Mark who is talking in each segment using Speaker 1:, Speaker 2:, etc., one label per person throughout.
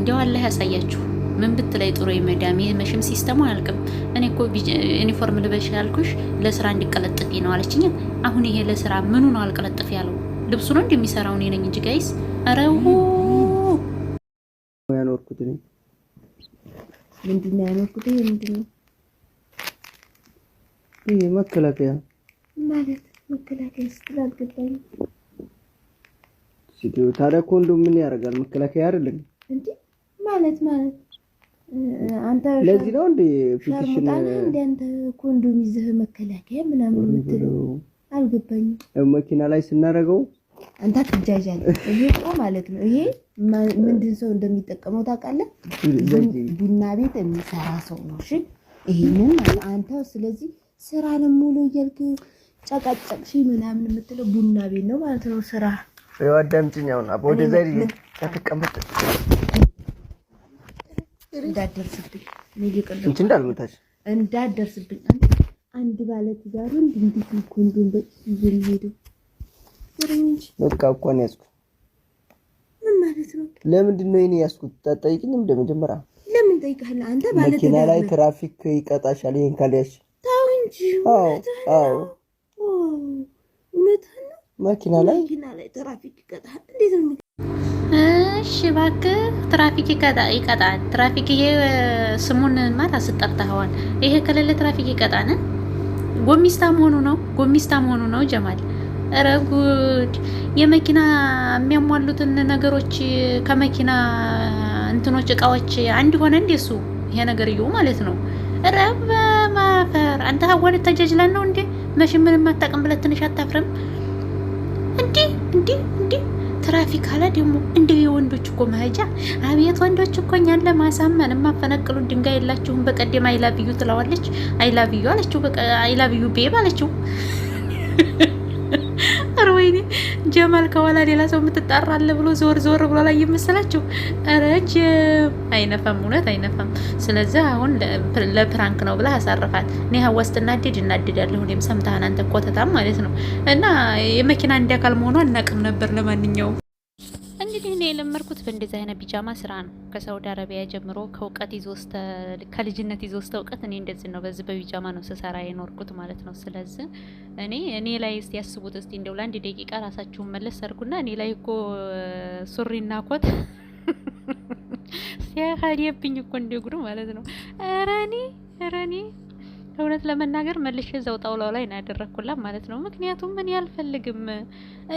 Speaker 1: እንዲያው አላህ ያሳያችሁ። ምን ብትለይ ጥሩ የመዳሜ መሽም ሲስተሙ አያልቅም። እኔ እኮ ዩኒፎርም ልበሽ ያልኩሽ ለስራ እንዲቀለጥፊ ነው አለችኝ። አሁን ይሄ ለስራ ምኑ ነው አልቀለጥፊ ያለው? ልብሱ ነው እንደሚሰራው እኔ ነኝ እንጂ ጋይስ ረሁ ያኖርኩት ነው ምንድን ያኖርኩት? ይሄ ምንድን መከላከያ ማለት መከላከያ ስትል አልገባኝም። ታዲያ ኮንዶም ምን ያደርጋል? መከላከያ አይደለም እንዴ? ማለት ማለት አንተ ለዚህ ነው እንደ ፊትሽን እንደንተ ኮንዶም ይዘህ መከላከያ ምናምን የምትለው አልገባኝም። መኪና ላይ ስናደርገው አንተ ትጃጃል። ይሄ እኮ ማለት ነው። ይሄ ምንድን ሰው እንደሚጠቀመው ታውቃለህ? ቡና ቤት የሚሰራ ሰው ነው። እሺ፣ ይሄንን አንተ ስለዚህ ስራ ነው ሙሉ እያልክ ጨቀጨቅሽ ምናምን የምትለው ቡና ቤት ነው ማለት ነው። ስራ አዳምጪኝ፣ አሁን ወደዛ ተቀመጥ እንዳደርስብኝ እንትን እንዳደርስብኝ አንድ ባለ ትዳር ወንድ እንዴት ነው ኮንዶም ለምንድን ነው ጠይቅኝ። እንደ መጀመሪያ ለምን ጠይቃለህ? አንተ ባለ መኪና ላይ ትራፊክ ይቀጣሻል። ይሄን ካልያዝሽ። ተው እንጂ። አዎ አዎ መኪና ላይ ትራፊክ ይቀጣል። እንዴት ነው? እሺ እባክህ ትራፊክ ይቀጣል። ትራፊክ ይሄ ስሙን ማታ ስጠርተኸዋል። ይሄ ከሌለ ትራፊክ ይቀጣል። ጎሚስታ መሆኑ ነው፣ ጎሚስታ መሆኑ ነው ጀማል። ረጉድ ጉድ! የመኪና የሚያሟሉትን ነገሮች ከመኪና እንትኖች እቃዎች አንድ ሆነ እሱ ይሄ ነገርየው ማለት ነው። ኧረ በማፈር አንተ ሀዋን ተጀጅለን ነው እንዴ? መቼም ምንም አታውቅም ብለህ ትንሽ አታፍርም? እንዲ እንዲ እንዲ ትራፊክ አለ ደግሞ እንደ የወንዶች እኮ መሄጃ። አቤት ወንዶች እኮ እኛን ለማሳመን የማፈነቅሉ ድንጋይ የላችሁም። በቀደም አይላብዩ ትለዋለች፣ አይላብዩ አለችው፣ አይላብዩ ቤብ አለችው። ጀማል ከኋላ ሌላ ሰው የምትጠራለ ብሎ ዞር ዞር ብሎ ላይ ይመስላችሁ? ረጅ አይነፋም፣ እውነት አይነፋም። ስለዚህ አሁን ለፕራንክ ነው ብላ አሳርፋል። እኔ ሀዋስ ትናድድ እናድዳለሁ። እኔም ሰምታህን አንተ ኮተታም ማለት ነው። እና የመኪና እንዲ አካል መሆኗ አናቅም ነበር። ለማንኛውም ይህን የለመርኩት በእንደዚህ አይነት ቢጃማ ስራ ነው። ከሳውዲ አረቢያ ጀምሮ ከእውቀት ይዞ እስተ ከልጅነት ይዞ ስተ እውቀት እኔ እንደዚህ ነው፣ በዚህ በቢጃማ ነው ስሰራ የኖርኩት ማለት ነው። ስለዚህ እኔ እኔ ላይ እስቲ ያስቡት እስቲ እንደው ለአንድ ደቂቃ ራሳችሁን መለስ አድርጉና እኔ ላይ እኮ ሱሪና ኮት ሲያካዲብኝ እኮ እንደጉዱ ማለት ነው። ረኔ ረኔ እውነት ለመናገር መልሼ እዛው ጣውላው ላይ ነው ያደረግኩላት ማለት ነው። ምክንያቱም እኔ አልፈልግም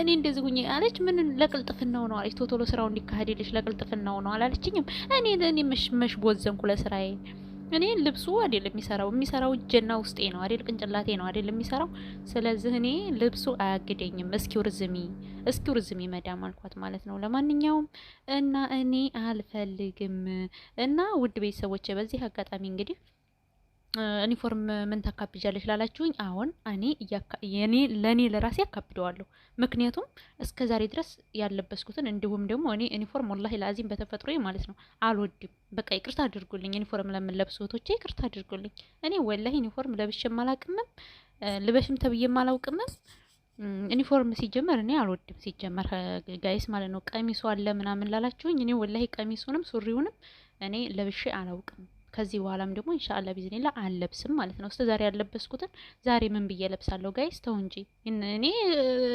Speaker 1: እኔ እንደዚህ ሁኜ አለች። ምን ለቅልጥፍናው ነው አለች። ቶቶሎ ስራው እንዲካሄድ ይልሽ ለቅልጥፍናው ነው አላለችኝም። እኔ እኔ መሽ ቦዘንኩ ለስራዬ እኔ ልብሱ አይደል የሚሰራው የሚሰራው እጄና ውስጤ ነው አይደል ቅንጭላቴ ነው አይደል የሚሰራው። ስለዚህ እኔ ልብሱ አያግደኝም። እስኪ ርዝሚ እስኪ ርዝሚ መዳም አልኳት ማለት ነው። ለማንኛውም እና እኔ አልፈልግም እና ውድ ቤተሰቦቼ በዚህ አጋጣሚ እንግዲህ ዩኒፎርም ምን ታካብጃለች ላላችሁኝ፣ አሁን እኔ ለእኔ ለራሴ አካብደዋለሁ። ምክንያቱም እስከ ዛሬ ድረስ ያለበስኩትን እንዲሁም ደግሞ እኔ ዩኒፎርም ወላሂ ለአዚም በተፈጥሮ ማለት ነው አልወድም። በቃ ይቅርታ አድርጉልኝ፣ ዩኒፎርም ለምንለብስ እህቶቼ ይቅርታ አድርጉልኝ። እኔ ወላሂ ዩኒፎርም ለብሼም አላቅምም፣ ልበሽም ተብዬም አላውቅምም። ዩኒፎርም ሲጀመር እኔ አልወድም። ሲጀመር ጋይስ ማለት ነው ቀሚሱ አለ ምናምን ላላችሁኝ፣ እኔ ወላሂ ቀሚሱንም ሱሪውንም እኔ ለብሼ አላውቅም። ከዚህ በኋላም ደግሞ ኢንሻአላህ ቢዝኒላ አለብስም ማለት ነው። እስከ ዛሬ ያለበስኩትን ዛሬ ምን ብዬ ለብሳለሁ? ጋይስ ተው እንጂ እኔ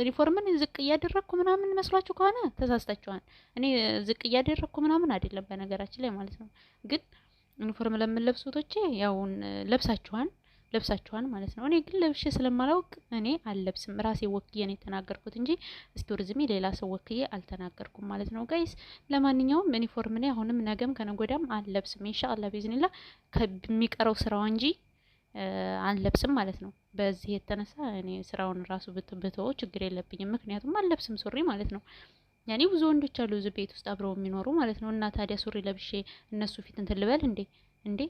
Speaker 1: ሪፎርምን ዝቅ እያደረግኩ ምናምን መስሏችሁ ከሆነ ተሳስታችኋል። እኔ ዝቅ እያደረግኩ ምናምን አይደለም በነገራችን ላይ ማለት ነው። ግን ዩኒፎርም ለምን ለብሱቶቼ ያውን ለብሳችኋል ለብሳችኋል ማለት ነው። እኔ ግን ለብሼ ስለማላውቅ እኔ አልለብስም። ራሴ ወክዬ ነው የተናገርኩት እንጂ ስቶርዝሜ ሌላ ሰው ወክዬ አልተናገርኩም ማለት ነው ጋይስ። ለማንኛውም ዩኒፎርም እኔ አሁንም ነገም ከነጎዳም አልለብስም። ኢንሻአላህ ቢዝኒላ ከሚቀረው ስራዋ እንጂ አልለብስም ማለት ነው። በዚህ የተነሳ እኔ ስራውን ራሱ ብትብተው ችግር የለብኝም። ምክንያቱም አልለብስም ሱሪ ማለት ነው። ያኔ ብዙ ወንዶች አሉ እዚህ ቤት ውስጥ አብረው የሚኖሩ ማለት ነው። እና ታዲያ ሱሪ ለብሼ እነሱ ፊት እንትን ልበል እንዴ እንዴ?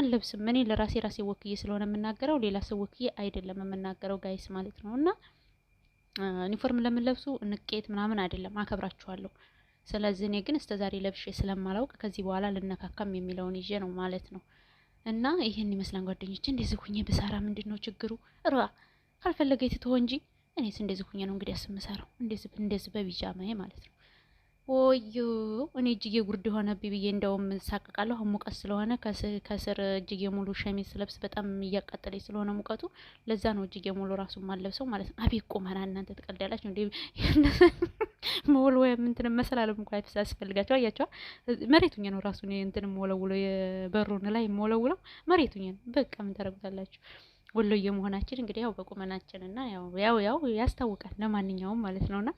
Speaker 1: አለብስም እኔ ለራሴ ራሴ ወክዬ ስለሆነ የምናገረው ሌላ ሰው ወክዬ አይደለም የምናገረው ጋይስ ማለት ነው። እና ዩኒፎርም ለምንለብሱ ንቄት ምናምን አይደለም፣ አከብራችኋለሁ። ስለዚህ እኔ ግን እስከ ዛሬ ለብሼ ስለማላውቅ ከዚህ በኋላ ልነካካም የሚለውን ይዤ ነው ማለት ነው። እና ይህን ይመስላን ጓደኞች። እንደዚህ ሁኜ ብሰራ ምንድን ነው ችግሩ? ራ ካልፈለገ የትትሆ እንጂ እኔስ እንደዚህ ሁኜ ነው እንግዲህ ያስምሰራው እንደዚህ በቢጃማ ማለት ነው። ወዩ እኔ እጅጌ ጉርድ የሆነ ብዬ እንደውም ሳቀቃለሁ። ሙቀት ስለሆነ ከስር እጅጌ ሙሉ ሸሚዝ ስለብስ በጣም እያቃጠለኝ ስለሆነ ሙቀቱ ለዛ ነው እጅጌ ሙሉ ራሱ ማለብሰው ማለት ነው። አቤት ቁመና እናንተ ትቀልዳላችሁ እንዴ? መወል ወይም እንትን መሰላለ ምኳ አይፈስ ያስፈልጋቸው አያቸዋ። መሬቱኝ ነው ራሱ እንትን መወለውለው፣ የበሩን ላይ መወለውለው መሬቱኝ ነው። በቃ ምን ታደርጉታላችሁ? ወሎዬ መሆናችን እንግዲህ ያው በቁመናችን እና ያው ያው ያው ያስታውቃል። ለማንኛውም ማለት ነውና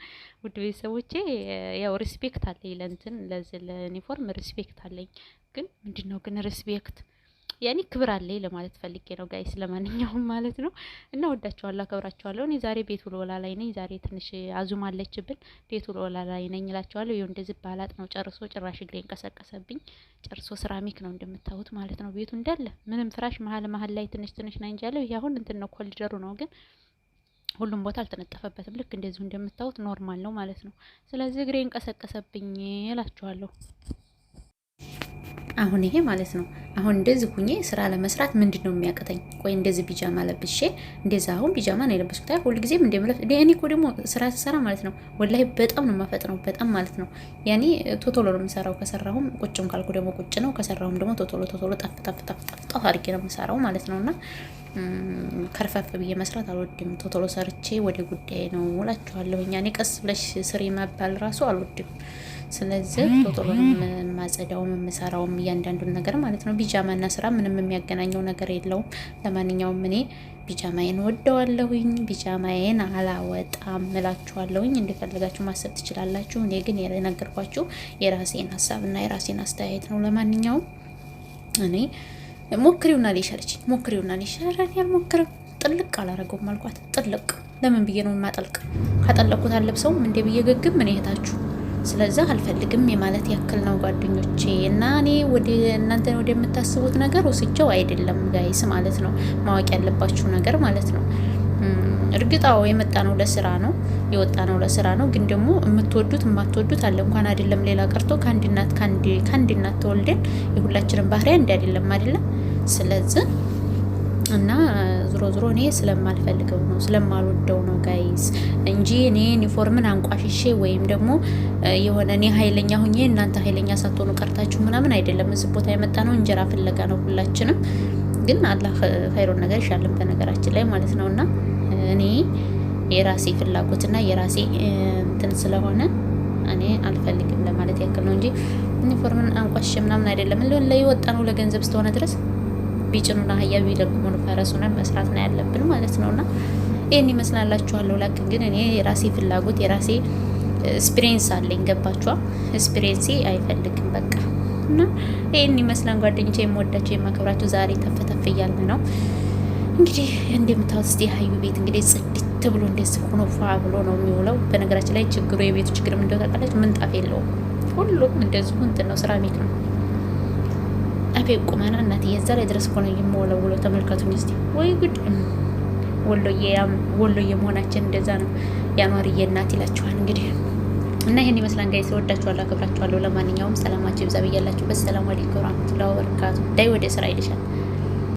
Speaker 1: ውድ ቤተሰቦቼ ያው ሪስፔክት አለኝ ለእንትን ለዚህ ለዩኒፎርም ሪስፔክት አለኝ። ግን ምንድነው ግን ሪስፔክት ያኔ ክብር አለኝ ለማለት ፈልጌ ነው ጋይስ። ለማንኛውም ማለት ነው እና ወዳችኋለሁ፣ አለ እኔ ዛሬ ቤት ወላ ላይ ነኝ። ዛሬ ትንሽ አዙም አለችብን። ቤት ወላ ላይ ነኝ እላችኋለሁ። ይኸው እንደዚህ ባላጥ ነው ጨርሶ፣ ጭራሽ እግሬ እንቀሰቀሰብኝ ጨርሶ። ሴራሚክ ነው እንደምታዩት ማለት ነው ቤቱ እንዳለ ምንም ፍራሽ መሀል መሀል ላይ ትንሽ ትንሽ ነኝ እንጂ ያለው ይሄ አሁን እንትን ነው ኮሊደሩ ነው ግን ሁሉም ቦታ አልተነጠፈበትም። ልክ እንደዚሁ እንደምታዩት ኖርማል ነው ማለት ነው። ስለዚህ እግሬ እንቀሰቀሰብኝ እላችኋለሁ። አሁን ይሄ ማለት ነው አሁን እንደዚህ ሁኜ ስራ ለመስራት ምንድን ነው የሚያቅተኝ? ቆይ እንደዚህ ቢጃማ ለብሼ እንደዚህ አሁን ቢጃማ ነው የለበስኩት። አይ ሁልጊዜም እንደምለፍ እኔ እኮ ደግሞ ስራ ስሰራ ማለት ነው ወላሂ በጣም ነው የማፈጥነው፣ በጣም ማለት ነው። ያኔ ቶቶሎ ነው የምሰራው። ከሰራሁም ቁጭም ካልኩ ደግሞ ቁጭ ነው፣ ከሰራሁም ደግሞ ቶቶሎ ቶቶሎ ጠፍ ጠፍ ጠፍ ጠፍ አድርጌ ነው የምሰራው ማለት ነው። እና ከርፈፍ ብዬ መስራት አልወድም። ቶቶሎ ሰርቼ ወደ ጉዳይ ነው ውላችኋለሁ። እኔ ቀስ ብለሽ ስሪ መባል ራሱ አልወድም። ስለዚህ ቶቶሎ የማጸዳውም የምሰራውም እያንዳንዱን ነገር ማለት ነው ቢጃማና ስራ ምንም የሚያገናኘው ነገር የለውም። ለማንኛውም እኔ ቢጃማዬን ወደዋለሁኝ። ቢጃማዬን አላወጣም እላችኋለሁኝ። እንደፈለጋችሁ ማሰብ ትችላላችሁ። እኔ ግን የነገርኳችሁ የራሴን ሀሳብና የራሴን አስተያየት ነው። ለማንኛውም እኔ ሞክሪውና ሊሸርች ሞክሪውና ሊሸረን ያልሞክርም ጥልቅ አላረገውም አልኳት። ጥልቅ ለምን ብዬ ነው የማጠልቅ? ካጠለቅኩት አለብሰውም እንዴ ብዬ ግግም ምን ይሄታችሁ ስለዚህ አልፈልግም የማለት ያክል ነው ጓደኞቼ። እና እኔ እናንተ ወደምታስቡት ነገር ወስጀው አይደለም ጋይስ ማለት ነው። ማወቅ ያለባችሁ ነገር ማለት ነው። እርግጣው የመጣ ነው ለስራ ነው የወጣ ነው ለስራ ነው። ግን ደግሞ የምትወዱት የማትወዱት አለ። እንኳን አይደለም ሌላ ቀርቶ ከአንድ እናት ከአንድ እናት ተወልደን የሁላችንም ባህሪያ እንዲ አይደለም አይደለም። ስለዚህ እና ዝሮ ዝሮ እኔ ስለማልፈልገው ነው ስለማልወደው ነው ጋይስ እንጂ እኔ ዩኒፎርምን አንቋሽሼ ወይም ደግሞ የሆነ እኔ ኃይለኛ ሁኜ እናንተ ኃይለኛ ሳትሆኑ ቀርታችሁ ምናምን አይደለም። እዚህ ቦታ የመጣ ነው እንጀራ ፍለጋ ነው ሁላችንም። ግን አላህ ኸይሮን ነገር ይሻለን በነገራችን ላይ ማለት ነው እና እኔ የራሴ ፍላጎትና የራሴ እንትን ስለሆነ እኔ አልፈልግም ለማለት ያክል ነው እንጂ ዩኒፎርምን አንቋሽሼ ምናምን አይደለም። ለወጣ ነው ለገንዘብ ስተሆነ ድረስ ቢጭኑና አህያ ቢለጉሙን ፈረሱነን መስራት ነው ያለብን ማለት ነው። ነውና ይህን ይመስላላችኋለሁ። ላክ ግን እኔ የራሴ ፍላጎት የራሴ ኤክስፒሪየንስ አለኝ። ገባችኋ? ኤክስፒሪየንሴ አይፈልግም በቃ እና ይህን ይመስላል ጓደኞቼ፣ የምወዳቸው የማከብራቸው ዛሬ ተፈተፍ እያለ ነው እንግዲህ እንደምታወት ስ ሀዩ ቤት እንግዲህ ጽድት ብሎ እንደስ ሆኖ ፏ ብሎ ነው የሚውለው። በነገራችን ላይ ችግሩ የቤቱ ችግር ምንደው ታውቃለች፣ ምንጣፍ የለውም። ሁሉም እንደዚሁ እንትን ነው፣ ሴራሚክ ነው። አፌ ቁመና እናት ላይ ድረስ ሆነ የምወለውለው። ተመልከቱኝ እስቲ ወይ ጉድ! ወሎዬ መሆናችን እንደዛ ነው። የአኗርዬ እናት ይላችኋል እንግዲህ እና ይህን ይመስላል ጋይስ። እወዳችኋለሁ፣ አከብራችኋለሁ። ለማንኛውም ሰላማችሁ ይብዛ ብያላችሁ። በሰላም አለይኩም ወራህመቱላሂ ወበረካቱ። ዳይ ወደ ስራ ይልሻል